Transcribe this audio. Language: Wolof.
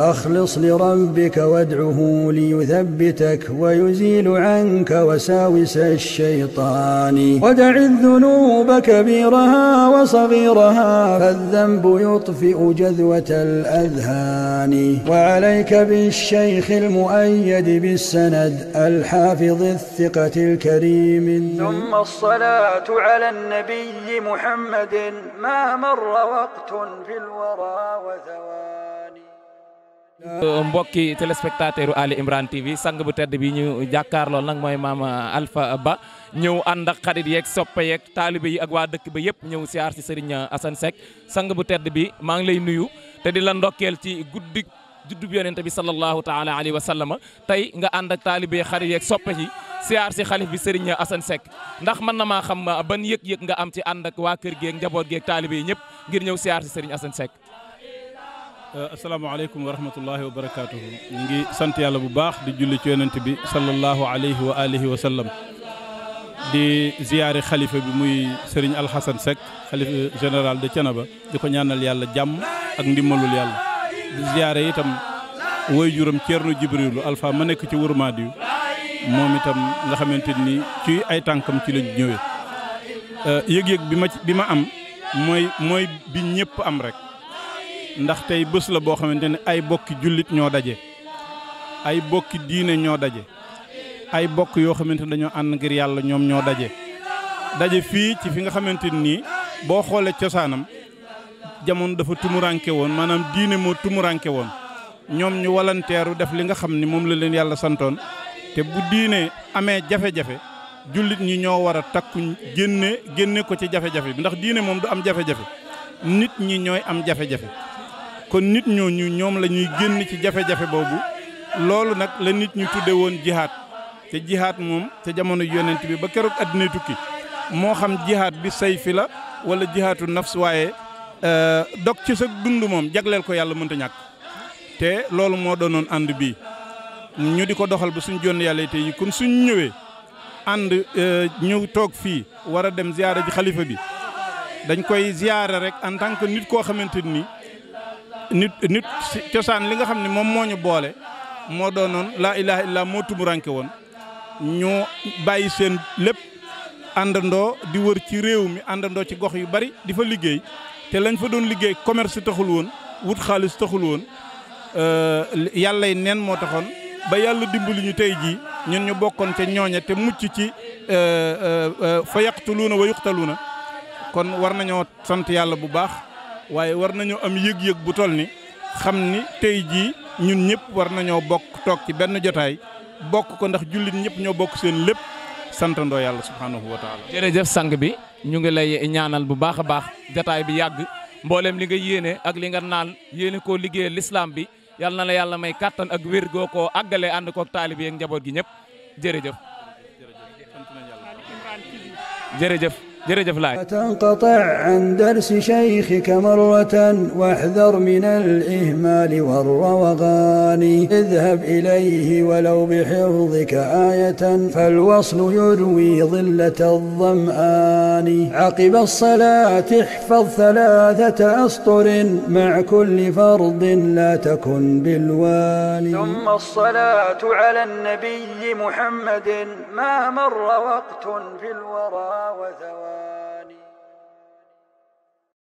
أخلص لربك وادعه ليثبتك ويزيل عنك وساوس الشيطان ودع الذنوب كبيرها وصغيرها فالذنب يطفئ جذوة الأذهان وعليك بالشيخ المؤيد بالسند الحافظ الثقة الكريم ثم الصلاة على النبي محمد ما مر وقت في الورى وثواب Euh, mbokki téléspectateur Ali Imran TV sang bu tedd bi ñu jàkkaarloo nag mooy maam Alpha Ba ñëw ànd ak xarit yeeg soppe yeeg taalibe yi ak waa dëkk ba yëpp ñëw siyaar si Serigne Assane Seck sang bu tedd bi maa ngi lay nuyu te di la ndokkeel ci guddi bi yonente bi sallallahu taala alayhi wa sallama tey nga ànd ak taalibe xarit yeeg soppe yi siyaar si xalif bi Serigne Assane Seck ndax mën na maa xam ban yëg-yëg nga am ci ànd ak waa kër geeg njaboot geeg taalibe yi ñëpp ngir ñëw siyaar si Serigne Assane Seck Euh, asalaamaaleykum wa rahmatullahi wa barakaatuhu ngi sant yàlla bu baax di julli ci yonent bi sallallahu alayhi wa alihi wa sallam di ziyaare xalifa bi muy Serigne Alxasan Seck xalifa général de Thiénaba di ko ñaanal yàlla jàmm ak ndimbalul yàlla di ziyaare itam woy juram Ceerno Jibrilu Alpha ma nekk ci wurmaadi yu moom itam nga xamante ni ci ay tànkam ci lañ ñëwee euh, yëg-yëg bi ma bi ma am mooy mooy bi ñëpp am rek ndax tey bés la boo xamante ne ay bokki jullit ñoo daje ay bokki diine ñoo daje ay bokk yoo xamante ne dañoo ànd ngir yàlla ñoom ñoo daje daje fii ci fi nga xamante nii boo xoolee cosaanam jamono dafa tumuranke woon maanaam diine moo tumuranke woon ñoom ñu wallanteeru def li nga xam ni moom la leen yàlla santoon te bu diinee amee jafe-jafe jullit ñi ñoo war a takku génne génne ko ci jafe-jafe bi ndax diine moom du am jafe-jafe nit ñi ñooy am jafe-jafe kon nit ñooñu ñoom la ñuy génn ci jafe-jafe boobu loolu nag la nit ñu tudde woon jihaat te jihaat moom te jamono yonent bi ba keroog addina tukki moo xam jihaat bi say fi la wala jihaatu nafs waaye euh, dog ci sa dund moom jagleel ko yàlla mënta ñàkk te loolu moo doonoon ànd bii ñu di ko doxal ba suñu jonn yàlla te yi kon suñ ñëwee ànd euh, ñëw toog fii war a dem ziyaara ji xalifa bi dañ koy ziyaara rek en tant que nit koo xamante ni nit nit cosaan li nga xam ne moom moo ñu boole moo doonoon laa ilaha illa moo tumuranke woon ñu bàyyi seen lépp àndandoo di wër ci réew mi àndandoo ci gox yu bari di fa liggéey te lañ fa doon liggéey commerce taxul woon wut xaalis taxul woon yàlla yàllay neen moo taxoon ba yàlla dimbali ñu tey jii ñun ñu bokkoon ca ñooña te mucc ci fa yaqtuluuna wa yuqtaluuna kon war nañoo sant yàlla bu baax waaye war nañoo am yëg-yëg bu toll ni xam ni tey jii ñun ñëpp war nañoo bokk toog ci benn jotaay bokk ko ndax jullit ñëpp ñoo bokk seen lépp santandoo yàlla subhaanahu wa jërëjëf sang bi ñu ngi lay ñaanal bu baax a baax jotaay bi yàgg mboolem li nga yéene ak li nga naan yéene koo liggéeyal lislaam bi yal na la yàlla may kàttan ak wér goo koo àggale ànd koog taalibe ak njaboot gi ñëpp jërëjëf. jërëjëf. jërëjëf laay tanqatic an darsi shaykhika marratan wahdar min al-ihmaali war-rawagaani idhab ilayhi walaw bihifdika aayatan fal-waslu yurwii dillata ad-dam'aani caqiba as-salaati ihfad thalaatha asturin maca kulli fardin laa takun bil-waali thumma as-salaatu cala an-nabiyyi muhammadin maa marra waqtun fil-waraa wa thawaa